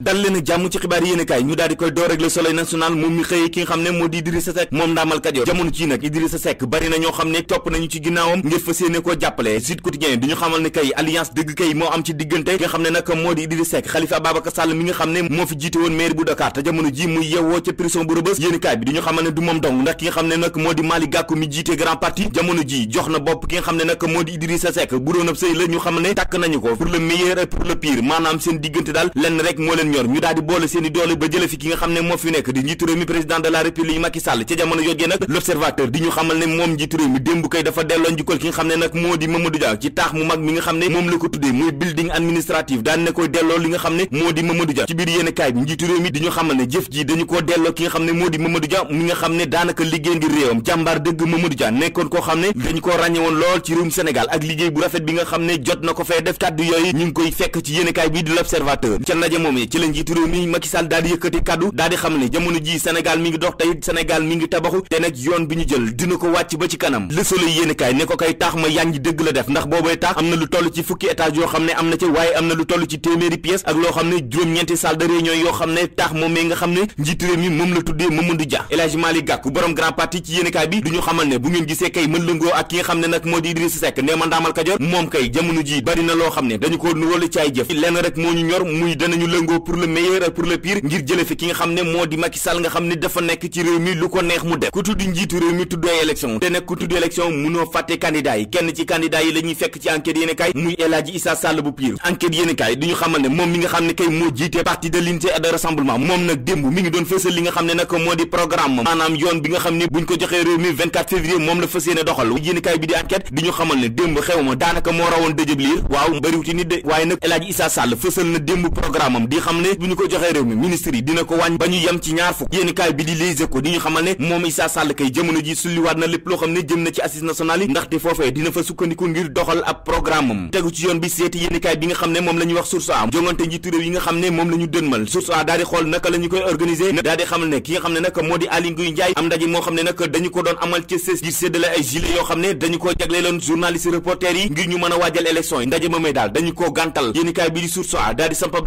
dal leen ak jàmm ci xibaar yéen kaay ñu daal di koy door ak le soleil national moom mi xëyee ki xam ne moo di Idrissa Seck moom ndaamal Kajoor jamono na ñoo ne topp nañu ci ginnaawam ngir fas yéene koo jàppale Sud Quotidien di ñu moo am ci diggante nga xam ne nag moo di ji nag moo di Malick Gakou mi jiite ab sëy la ñu xam ne tàkk nañu ko pour le meilleur et pour le pire maanaam seen diggante daal lenn rek moo leen leen ñor ñu daal di boole seen i doole ba jële fi ki nga xam ne moo fi nekk di njiitu réew mi président de la république Macky Sall ca jamono jojee nag l'observateur di ñu xamal ne moom njiitu réew mi démb kay dafa delloo njukkal ki nga nga xam ne moom la ko tuddee muy building administratif daan koy delloo li nga xam ne moo di Mamadou Dia ci biir yéen bi njiitu di ñu xamal ne jëf ji dañu koo delloo ki nga xam ne moo di Mamadou Dia mi nga xam la njiitu réew mi Macky Sall daal di yëkkati kaddu daal di xam ne jamono ji Sénégal mi yoon jël dina ko wàcc ba ci kanam Le Soleil yéenekaay ne ko kay taax ma yaan ji dëgg la ndax boobay taax am na lu toll ci fukki étage yoo xam ne am na ca waaye am na lu toll ci téeméeri pièces ak loo xam ne juróom-ñeenti salle de réunion yoo xam ne taax moom nga xam ne njiitu réew mi moom la tuddee Mamadou Dia El Hadji Malick Gakou borom grand parti ci yéenekaay bi duñu xamal ne bu ngeen gisee kay mën lëngoo ak ki xam ne nag moo di Idrissa Seck ndee ma ndaamal Kajoor moom kay jamono ji bari loo xam ne dañu ko nuróole ci jëf lenn moo ñu ñor muy danañu pour le meilleur ak pour le pire ngir jële fi ki nga xam ne moo di Macky Sall nga xam ne dafa nekk ci réew lu ko neex mu def ku tudd njiitu réew tudd ay élection te nag bu pire enquête yéen bi di enquête di ñu xamal ne démb xew ma daanaka moo rawoon dëjëb liir waaw bëriwuti nit waaye nag El Hadji Issa na démb programme di xam xam ne bu ñu ko joxee réew mi ministre yi dina ko wàññ ba ñu yem ci ñaar fukk yéen kaay bi di Les Échos di ñu xamal ne moom Issa Sall kay jamono ji sulliwaat na lépp loo xam ne jëm na ci assises nationales yi ndaxte foofee dina fa sukkandiku ngir doxal ab programme am tegu ci yoon nga xam ne moom la ñuy wax source a jongante njiitu réew yi nga xam ne a daal di xool naka la ñu koy organiser daal di xamal ne ki nga xam ne nag moo di Aly Ngouille Ndiaye am ndaje moo xam ne nag dañu ko doon amal ci sës ngir séddale ay gilet yoo xam ne dañu ko jagleeloon journaliste reporter yi ngir yi ndaje moomee daal dañu ko gàntal yéen kaay bi di source a daal di sampab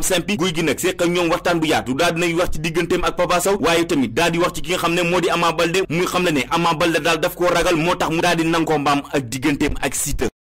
xam simpi guy gi nag séq ñoom waxtaan bu yaatu daal dinay wax ci digganteem ak Papa Sow waaye tamit daal di wax ci ki nga xam ne moo di Ama Baldé muy xam ne ne Ama Baldé daal daf ko ragal moo tax mu daal di nangoo mbaam ak digganteem ak Siteu